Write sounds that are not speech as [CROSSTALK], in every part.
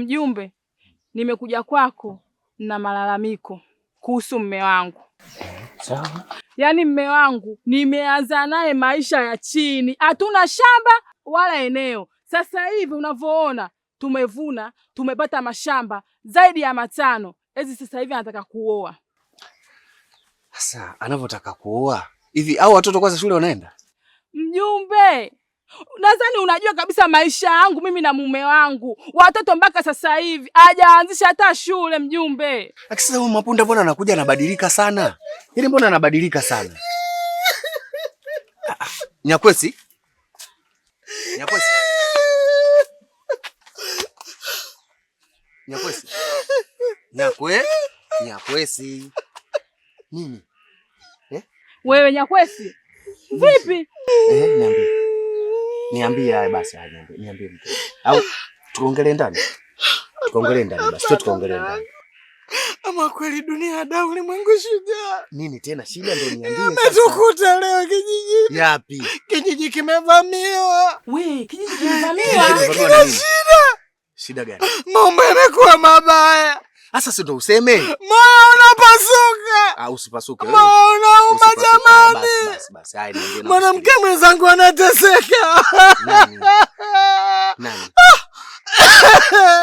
Mjumbe, nimekuja kwako na malalamiko kuhusu mme wangu. Sawa. Yaani mme wangu nimeanza naye maisha ya chini, hatuna shamba wala eneo. Sasa hivi unavyoona tumevuna, tumepata mashamba zaidi ya matano. Ezi sasa hivi anataka kuoa. Sasa anavyotaka kuoa hivi, au watoto kwanza shule wanaenda? Mjumbe, Nadhani unajua kabisa maisha yangu mimi na mume wangu, watoto mpaka sasa hivi hajaanzisha hata shule mjumbe. Lakini sasa huyu Mapunda mbona anakuja anabadilika sana? Yaani mbona anabadilika sana? Ah, ah, Nyakwesi? Nyakwesi? Nyakwesi? Nyakwe? Nyakwesi? Nini? Eh? Wewe Nyakwesi? Vipi? Eh, niambie. Niambie haya basi, niambie mtu au tuongelee ndani, tuongelee ndani basi, tuongelee ndani. Ama kweli dunia ya damu ni mwangu shujaa. Nini tena shida ndio niambie sasa. Tukuta leo kijiji. Yapi? Kijiji kimevamiwa. We, kijiji kimevamiwa. Shida. Shida gani? Mambo yamekuwa mabaya. Sasa si ndo useme moyo unapasuka Ah, usipasuke? Moyo unauma ah, jamani, mwanamke mwenzangu anateseka.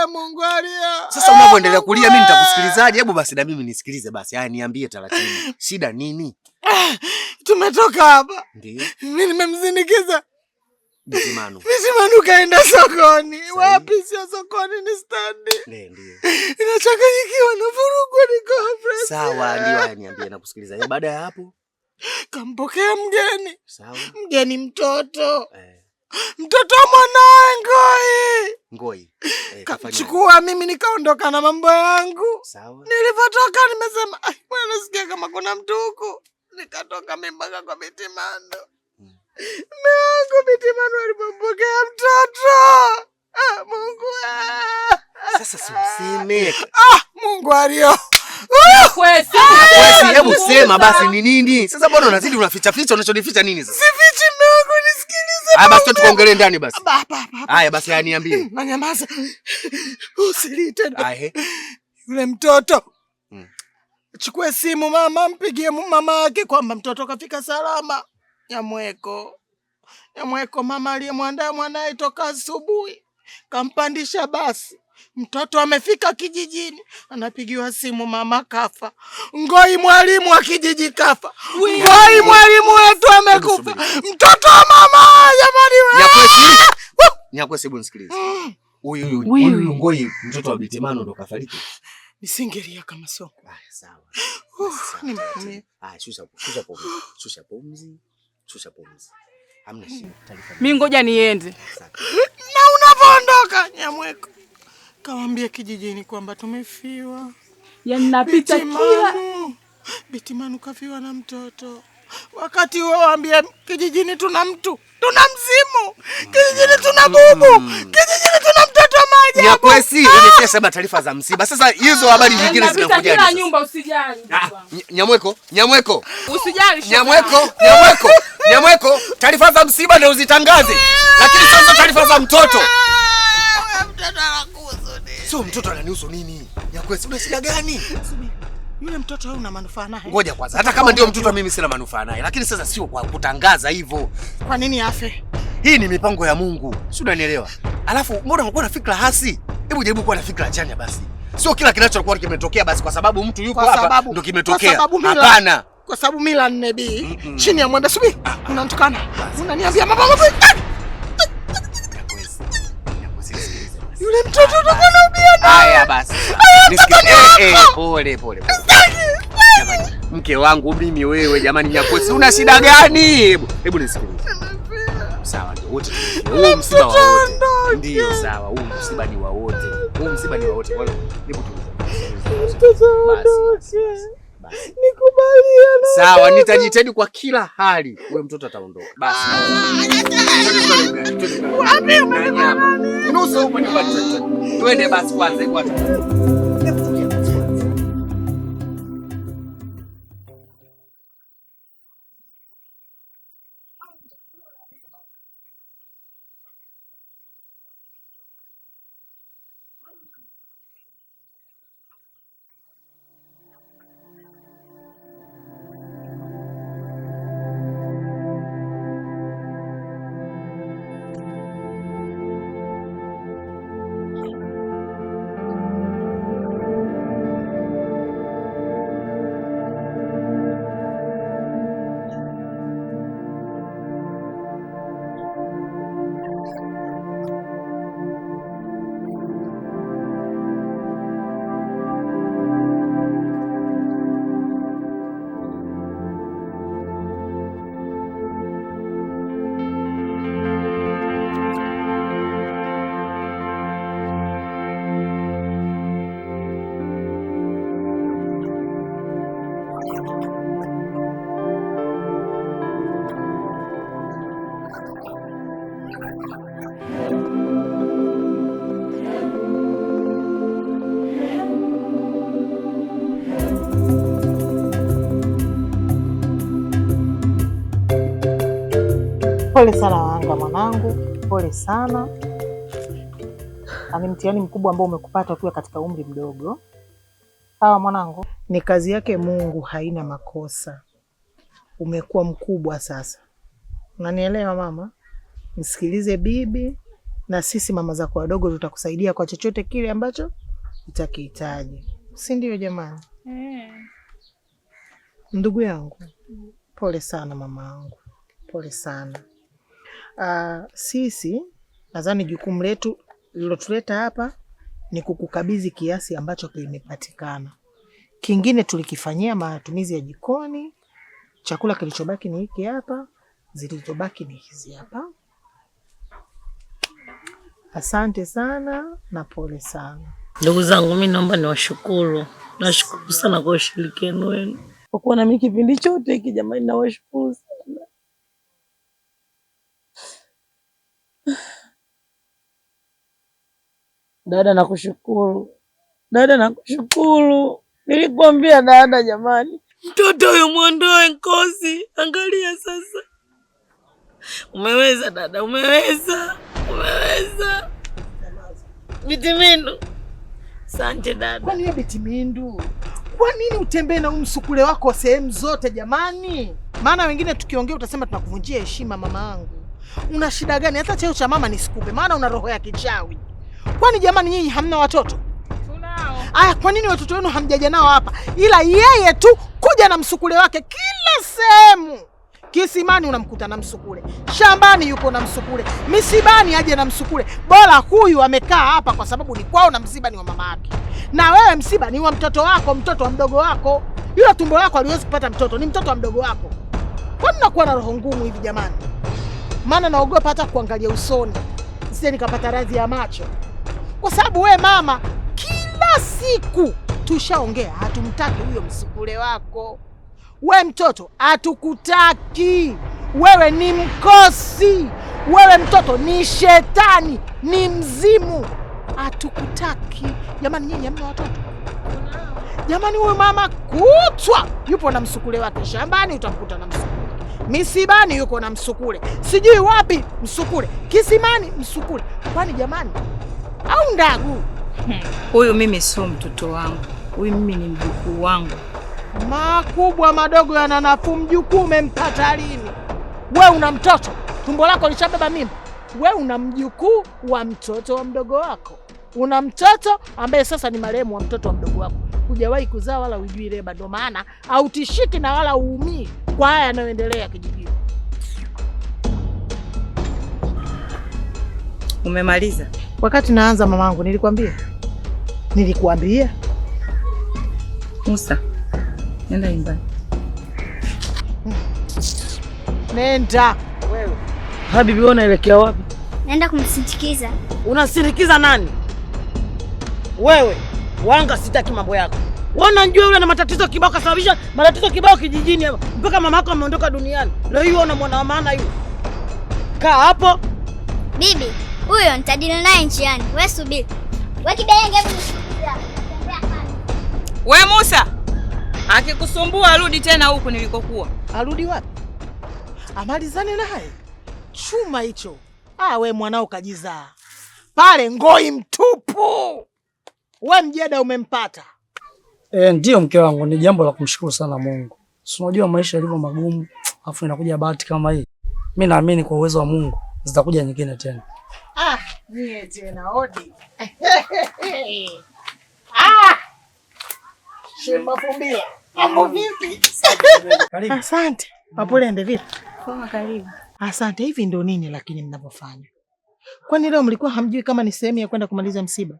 [LAUGHS] Mungu alia. Sasa unapoendelea kulia, mimi nitakusikilizaje? Hebu basi na mimi nisikilize basi. Haya, niambie taratibu, shida nini? [LAUGHS] Tumetoka hapa, mimi nimemzindikiza Misimanu. Misimanu kaenda sokoni. Wapi, sio sokoni, ni standi. Ndio, ndio. Inachanganyikiwa na vurugu ni kofre. Sawa, ndio aniambia na kusikiliza. Ya Baada ya hapo kampokea mgeni. Sawa. Mgeni mtoto. Eh. Mtoto mwanae Ngoi. Ngoi. Eh, kachukua mimi nikaondoka na mambo yangu. Sawa. Nilipotoka nimesema, bwana nasikia kama kuna mtu huko. Nikatoka mimi mpaka kwa Betimando. Mume wangu Binti Manuel amempokea mtoto. Ah, Mungu. Ah, ah, sasa si useme. Ah, ah Mungu alio. Hebu sema basi ni nini? Sasa bwana unazidi unaficha ficha, unachonificha nini sasa? Sifichi mume wangu, nisikilize. Haya basi tukaongelee ndani basi. Hapa hapa Haya basi haya niambie. Hmm, Na nyamaza. Usilii tena. Yule mtoto. Hmm. Chukue simu mama, mpigie mama yake kwamba mtoto kafika salama. Nyamweko, Nyamweko, mama aliyemwandaa mwanaye toka asubuhi kampandisha basi, mtoto amefika kijijini, anapigiwa simu, mama kafa. Ngoi mwalimu wa kijiji kafa, Ngoi mwalimu wetu amekufa, mtoto wa mama. Jamani Nyakwesi, hebu nisikilize. Huyu mm. huyu Ngoi mtoto wa Bitimano ndo kafariki. Nisingelia kama sio. Sawa. Nimeumia. Shusha pumzi. Shusha pumzi. Hamna hmm. shida. Mimi ngoja niende. [LAUGHS] Na unapoondoka Nyamweko, kawambia kijijini kwamba tumefiwa. Yaani napita kila Biti Manu kafiwa na mtoto. Wakati huo waambia kijijini tuna mtu, tuna mzimu. Kijijini tuna bubu. Kijijini tuna Nyakwesi umetia ah! taarifa za msiba. Sasa hizo habari nyingine zinakuja. Kila nyumba usijali. Ah, Nyamweko, Nyamweko. Usijali. Nyamweko, Nyamweko. Nyamweko, taarifa za msiba ndio uzitangaze. Lakini sasa taarifa za mtoto. Ah, mtoto anakuhusu nini? Sio mtoto ananihusu nini? Nyakwesi una shida gani? Yule mtoto wewe una manufaa naye. Ngoja kwanza. Hata kama ndio mtoto mimi sina manufaa naye. Lakini sasa sio kwa kutangaza hivyo. Kwa nini afe? Hii ni mipango ya Mungu, si unanielewa? Alafu mbona unakuwa na fikra hasi? Hebu jaribu kuwa na fikra chanya basi, sio kila kinachokuwa kimetokea basi kwa sababu mtu yuko hapa ndio kimetokea. Hapana, kwa sababu mila nne bi mm -mm. chini ya mwanda subi ah, ah. unanitukana. unaniambia mambo eh! yule mtoto ubia na. Haya basi. Nisikie eh, eh pole pole. Mke wangu mimi, wewe jamani, Nyakwesi, una shida gani? Hebu nisikilize sawa, ndio wote huu msiba wa wote. Ndio sawa, huu msiba ni wa wote, huu msiba ni wa wote. Kwa hiyo nikubalia sawa, nitajitahidi kwa kila hali wewe mtoto ataondoka. Basi ah, twende basi kwanza Pole sana Wanga mwanangu, pole sana ani mtiani mtihani mkubwa ambao umekupata ukiwa katika umri mdogo. Sawa mwanangu, ni kazi yake Mungu, haina makosa. Umekuwa mkubwa sasa, unanielewa mama. Msikilize bibi, na sisi mama zako wadogo tutakusaidia kwa chochote kile ambacho utakihitaji, si ndio? Jamani eh. Ndugu yangu, pole sana mama yangu, pole sana. Uh, sisi nadhani jukumu letu lilotuleta hapa ni kukukabidhi kiasi ambacho kimepatikana. Kingine tulikifanyia matumizi ya jikoni. Chakula kilichobaki ni hiki hapa, zilizobaki ni hizi hapa. Asante sana na pole sana ndugu zangu, mi naomba niwashukuru, nashukuru sana kwa ushirikiano wenu kwa kuwa nami kipindi chote hiki. Jamani, nawashukuru Dada nakushukuru, dada nakushukuru, nilikuambia dada. Jamani, mtoto huyo mwondoe Nkosi. Angalia sasa, umeweza dada, umeweza, umeweza. Bitimindu, sante dada. Kwa nini Bitimindu, kwa nini utembee na umsukule wako sehemu zote jamani? Maana wengine tukiongea utasema tunakuvunjia heshima. Mama yangu, una shida gani? Hata cheo cha mama nisikupe, maana una roho ya kichawi. Kwani jamani, nyinyi hamna watoto? Tunao. Aya, kwa nini watoto wenu hamjaja nao hapa? Ila yeye tu kuja na msukule wake kila sehemu. Kisimani unamkuta na msukule, shambani yuko na msukule, misibani aje na msukule. Bora huyu amekaa hapa kwa sababu ni kwao na msiba ni wa mama yake, na wewe msiba ni wa mtoto wako, mtoto wa mdogo wako. Yule tumbo lako aliwezi kupata mtoto, ni mtoto wa mdogo wako. Kwa nini nakuwa na roho ngumu hivi jamani? Maana naogopa hata kuangalia usoni, sije nikapata radhi ya macho kwa sababu we mama, kila siku tushaongea, hatumtaki huyo msukule wako. We mtoto, hatukutaki wewe. Ni mkosi wewe, mtoto ni shetani, ni mzimu, hatukutaki jamani. Nyinyi hamna watoto jamani? Huyu mama kutwa yupo na msukule wake, shambani utamkuta na msukule misibani yuko na msukule, sijui wapi msukule, kisimani msukule. Kwani jamani au ndagu? Huyu mimi sio mtoto wangu, huyu mimi ni mjukuu wangu. Makubwa madogo yana nafuu. Mjukuu umempata lini? We una mtoto, tumbo lako lishabeba mimba. We una mjukuu wa mtoto wa mdogo wako, una mtoto ambaye sasa ni marehemu wa mtoto wa mdogo wako. Hujawahi kuzaa wala ujui leba, ndo maana hautishiki na wala uumii kwa haya yanayoendelea kijijini. Umemaliza? Wakati naanza mamangu, nilikwambia nilikuambia. Musa, nenda nyumbani. Nenda wewe. Habibi, wewe unaelekea wapi? Naenda kumsindikiza. Unasindikiza nani? Wewe wanga, sitaki mambo yako. njua yule na matatizo kibao, kasababisha matatizo kibao kijijini hapa mpaka mama yako ameondoka duniani. Leo hiyo una mwana wa maana yule. Kaa hapo bibi huyo nitadili naye njiani. We subiri, we kibenge, we Musa, akikusumbua arudi tena huku nilikokuwa. Arudi wapi? Amalizane naye chuma hicho. Ah, we mwanao kajizaa pale, ngoi mtupu. We mjeda umempata. E, eh, ndiyo mke wangu, ni jambo la kumshukuru sana Mungu. Si unajua maisha yalivyo magumu, afu inakuja bahati kama hii. Mi naamini kwa uwezo wa Mungu zitakuja nyingine tena. Ah, odi. [LAUGHS] Ah! Fumbila. vipi? Karibu. Asante. Mapulende vipi? karibu. Asante. Hivi ndio nini lakini mnavyofanya? Kwani leo mlikuwa hamjui kama ni sehemu ya kwenda kumaliza msiba?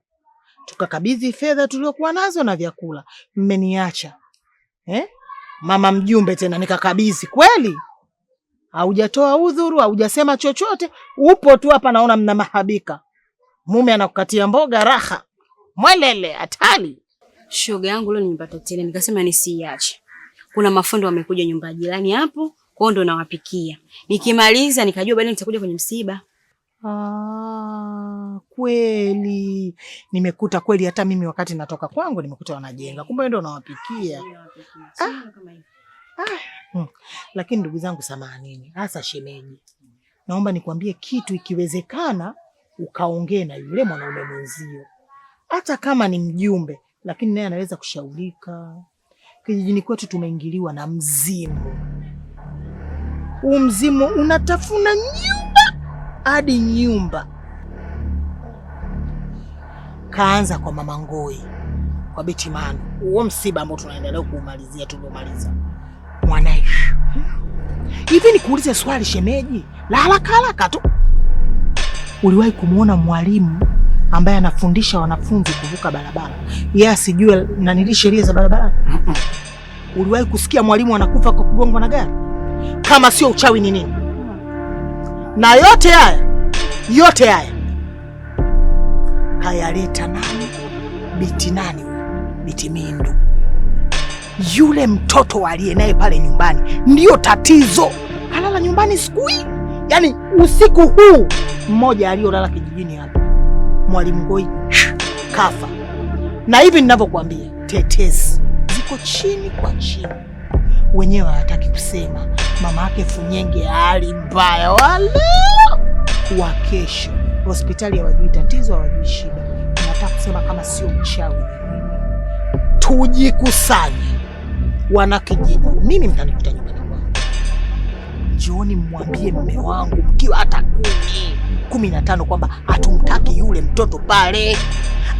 Tukakabidhi fedha tuliokuwa nazo na vyakula, mmeniacha eh? Mama mjumbe tena nikakabidhi kweli? haujatoa udhuru, haujasema chochote, upo tu hapa. Naona mna mahabika, mume anakukatia mboga raha, mwelele hatali. Shoga yangu leo nimepata tele, nikasema nisiiache. Kuna mafundo wamekuja nyumba jirani hapo kwao, ndo nawapikia. Nikimaliza nikajua baadaye nitakuja kwenye msiba. Ah, kweli nimekuta kweli, hata mimi wakati natoka kwangu nimekuta wanajenga, kumbe ndio nawapikia. Ah hmm. Lakini ndugu zangu, samahanini, hasa shemeji, naomba nikwambie kitu, ikiwezekana ukaongee na yule mwanaume mwenzio, hata kama ni mjumbe, lakini naye anaweza kushaulika Kijijini kwetu tumeingiliwa na mzimu. Huu mzimu unatafuna nyumba hadi nyumba, kaanza kwa Mama Ngoi, kwa Beti huo msiba ambao tunaendelea kuumalizia tuliomaliza wanaishi. hivi. Nikuulize swali shemeji, la haraka haraka tu, uliwahi kumwona mwalimu ambaye anafundisha wanafunzi kuvuka barabara yeye asijue nanili sheria za barabara? Uliwahi kusikia mwalimu anakufa kwa kugongwa na gari? Kama sio uchawi ni nini? Na yote haya yote haya kayaleta nani? Biti nani? Biti Mindu yule mtoto aliye naye pale nyumbani ndiyo tatizo. Kalala nyumbani siku hii, yaani usiku huu mmoja aliyolala kijijini hapa, Mwalimu Ngoi kafa. Na hivi ninavyokuambia, tetesi ziko chini kwa chini, wenyewe hawataki kusema. Mama yake Funyenge hali mbaya, wale wa kesho hospitali hawajui tatizo, hawajui shida. Nataka kusema kama sio mchawi, tujikusanye wanakijiji, mimi mtanikuta nyumbani kwangu jioni, mwambie mme wangu mkiwa hata kumi kumi na tano kwamba hatumtaki yule mtoto pale,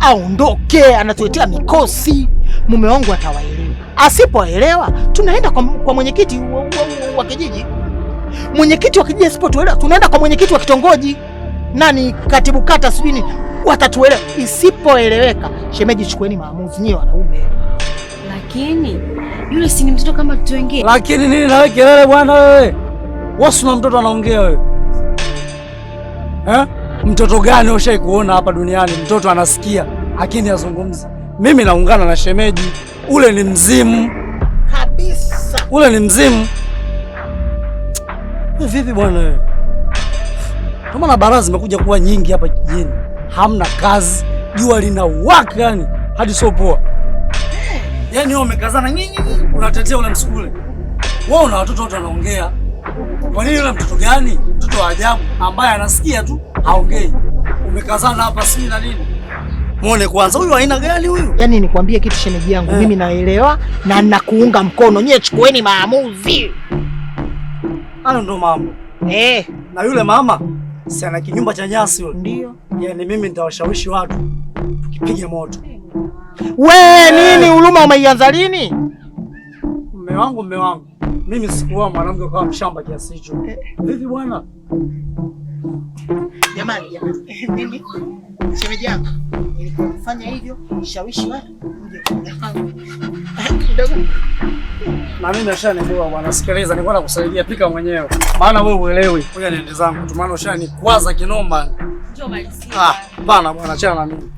aondoke, anatuletea mikosi. Mume wangu atawaelewa, asipoelewa tunaenda kwa, kwa mwenyekiti wa kijiji. Mwenyekiti wa kijiji asipotuelewa tunaenda kwa mwenyekiti wa kitongoji, nani katibu kata, sijui watatuelewa. Isipoeleweka, shemeji, chukueni maamuzi nyie wanaume, lakini yule si ni mtoto kama mtu wengine. Lakini nini nawe kelele bwana wewe? Wasi na mtoto anaongea wewe. Eh? Mtoto gani ushai kuona hapa duniani? Mtoto anasikia lakini azungumzi Mimi naungana na shemeji, ule ni mzimu kabisa, ule ni mzimu. Vipi bwana wewe? Kama na baraza zimekuja kuwa nyingi hapa kijini. hamna kazi, jua linawaka yani hadi sio poa. Yaani wewe umekazana nyinyi unatetea ule msukule. Wewe una watoto wote wanaongea. Kwa nini yule mtoto gani? Mtoto wa ajabu ambaye anasikia tu haongei. Umekazana hapa si na nini? Muone kwanza huyu aina gani huyu? Yaani nikwambie kitu shemeji yangu eh, mimi naelewa na nakuunga mkono. Nyie chukueni maamuzi. Hayo ndo mambo. Eh, na yule mama si ana kinyumba cha nyasi yule? Ndio. Yaani mimi nitawashawishi watu tukipige moto. Eh. We eh. nini huruma umeianza lini? Mume wangu, mume wangu, mimi sikuwa mwanamke kama mshamba kiasi hicho. Eh. Vipi bwana? Jamani, mimi shemeji yako nilifanya hivyo nishawishi wewe uje kidogo. Na mimi nashanielewa bwana, sikiliza, nilikuwa nakusaidia pika mwenyewe, maana wewe uelewi. Ngoja niende zangu tu, maana ushanikwaza kinoma. Njoo basi. Ah, bana bwana, achana na mimi.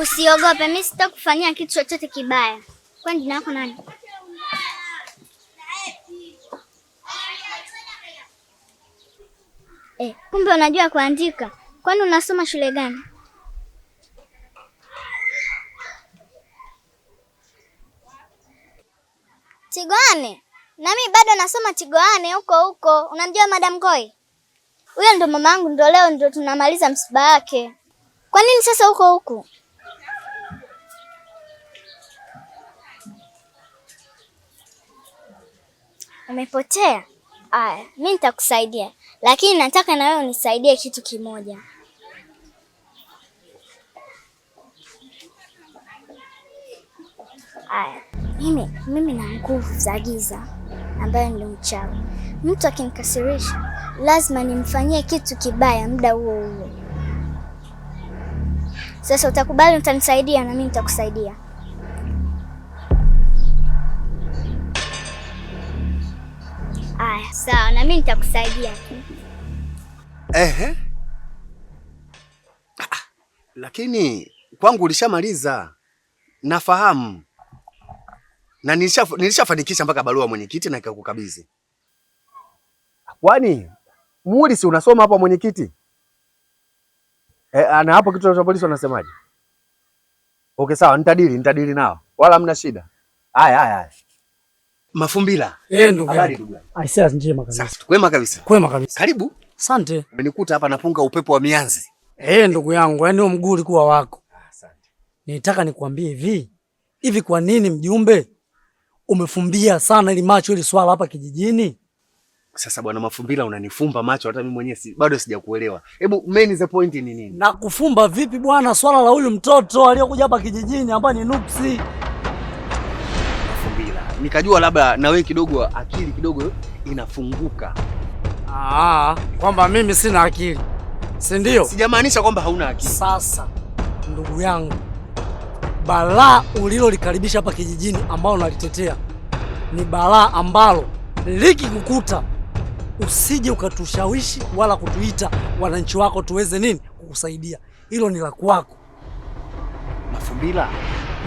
Usiogope, mimi sitakufanyia kitu chochote kibaya. Kwani jina lako nani? Eh, kumbe unajua kuandika. Kwani unasoma shule gani? Tigoane. Nami bado nasoma Tigoane huko huko. Unamjua Madam Koi? Huyo ndo mama yangu, ndo leo ndo tunamaliza msiba wake. Kwa nini sasa huko huko? Umepotea? Aya, mi nitakusaidia, lakini nataka na wewe unisaidie kitu kimoja. Aya, mimi mimi na nguvu za giza ambayo ndio mchawi. Mtu akinikasirisha lazima nimfanyie kitu kibaya muda huo huo. Sasa utakubali, utanisaidia na mimi nitakusaidia. Haya, sawa, na mimi nitakusaidia tu. Ehe, ah, lakini kwangu ulishamaliza, nafahamu na nilishafanikisha mpaka barua mwenyekiti na ikakukabidhi. Kwani mulisi si unasoma hapa mwenyekiti? E, eh, ana ah, hapo kitu cha polisi wanasemaje? Okay, sawa, nitadili nitadili nao, wala mna shida. Haya haya haya. Mafumbila. Eh, ndugu. Habari ndugu. Aisee njema kabisa. Safi, kwema kabisa. Kwema kabisa. Karibu. Asante. Umenikuta hapa napunga upepo wa mianzi. Eh, ndugu yangu, yaani huo mguu ulikuwa wako. Asante. Nilitaka nikuambie hivi. Hivi kwa nini mjumbe umefumbia sana ili macho ili swala hapa kijijini? Sasa bwana Mafumbila, unanifumba macho hata mimi mwenyewe si, bado sijakuelewa. Hebu main the point ni nini? Nakufumba vipi bwana, swala la huyu mtoto aliyokuja hapa kijijini ambaye ni Nupsi nikajua labda na wewe kidogo akili kidogo inafunguka. Ah, kwamba mimi sina akili si ndio? Sijamaanisha kwamba hauna akili. Sasa ndugu yangu, balaa ulilolikaribisha hapa kijijini ambalo nalitetea ni balaa ambalo likikukuta usije ukatushawishi wala kutuita wananchi wako tuweze nini kukusaidia. Hilo ni la kwako Mafumbila.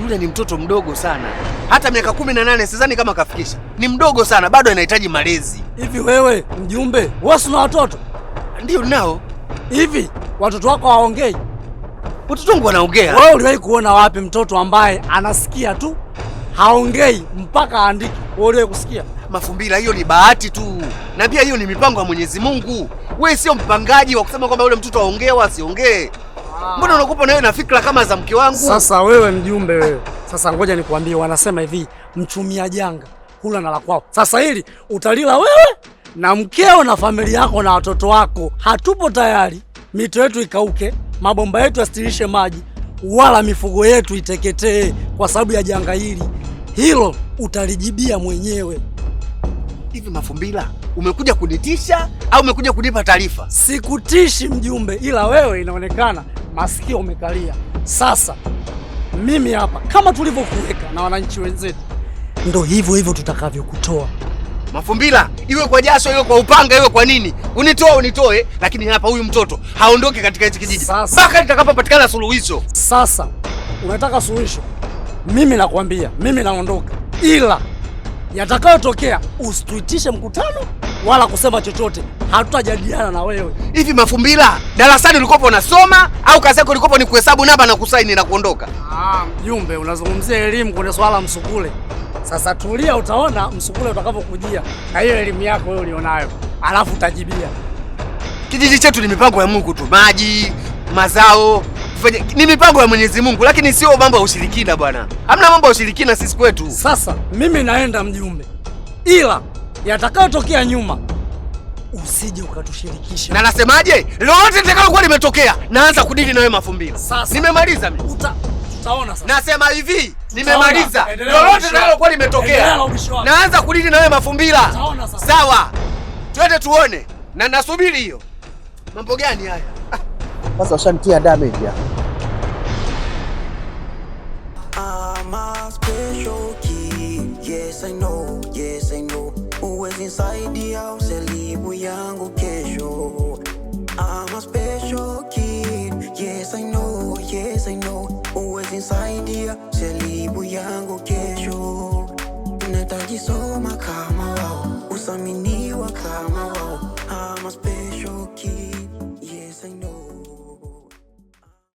Yule ni mtoto mdogo sana, hata miaka kumi na nane sidhani kama kafikisha. Ni mdogo sana, bado anahitaji malezi. Hivi wewe mjumbe, wewe una watoto? Ndio nao. Hivi watoto wako hawaongei? Watoto wangu wanaongea. Wewe uliwahi kuona wapi mtoto ambaye anasikia tu haongei mpaka aandike? Wewe uliwahi kusikia? Mafumbila, hiyo ni bahati tu, na pia hiyo ni mipango ya Mwenyezi Mungu. Wewe sio mpangaji wa kusema kwamba yule mtoto aongee au asiongee. Mbona unakupa wewe na fikra kama za mke wangu? Sasa wewe mjumbe wewe. Sasa ngoja nikuambie, wanasema hivi mchumia janga hula na la kwao. Sasa hili utalila wewe na mkeo na familia yako na watoto wako. Hatupo tayari mito yetu ikauke, mabomba yetu yasitirishe maji, wala mifugo yetu iteketee kwa sababu ya janga hili. Hilo utalijibia mwenyewe. Hivi Mafumbila, umekuja kunitisha au umekuja kunipa taarifa? Sikutishi mjumbe, ila wewe inaonekana masikio umekalia. Sasa mimi hapa kama tulivyokuweka na wananchi wenzetu, ndo hivyo hivyo tutakavyokutoa Mafumbila, iwe kwa jasho, iwe kwa upanga, iwe kwa nini, unitoa unitoe, lakini hapa huyu mtoto haondoke katika hichi kijiji mpaka nitakapopatikana suluhisho. Sasa unataka suluhisho? Mimi nakwambia, mimi naondoka, ila yatakayotokea usituitishe mkutano wala kusema chochote hatutajadiliana na wewe. Hivi Mafumbila, darasani ulikopo unasoma au kazi yako ulikopo ni kuhesabu namba na kusaini na kuondoka? Ah, mjumbe, unazungumzia elimu kwenye swala msukule. Sasa tulia, utaona msukule utakapokujia na hiyo elimu yako wewe ulionayo, alafu utajibia. Kijiji chetu ni mipango ya Mungu tu, maji, mazao ni mipango ya Mwenyezi Mungu, lakini sio mambo ya ushirikina bwana. Hamna mambo ya ushirikina sisi kwetu. Sasa mimi naenda mjumbe, ila yatakayotokea nyuma usije ukatushirikisha. Na nasemaje? Lolote litakalokuwa limetokea, naanza kudili nawe Mafumbila. Nimemaliza mimi. Uta, tutaona sasa. Nasema hivi, nimemaliza. Lolote litakalokuwa limetokea, naanza kudili nawe Mafumbila. Sawa. Twende tuone. Na nasubiri hiyo. Mambo gani haya? Sasa ushanitia damage hapa. Yes, I know. Yes, I know. Always inside the house yangu kesho. I'm a special kid. Yes, I know, yes, I know. Uwezi nisaidia selibu yangu kesho. Natajisoma kama wao usamini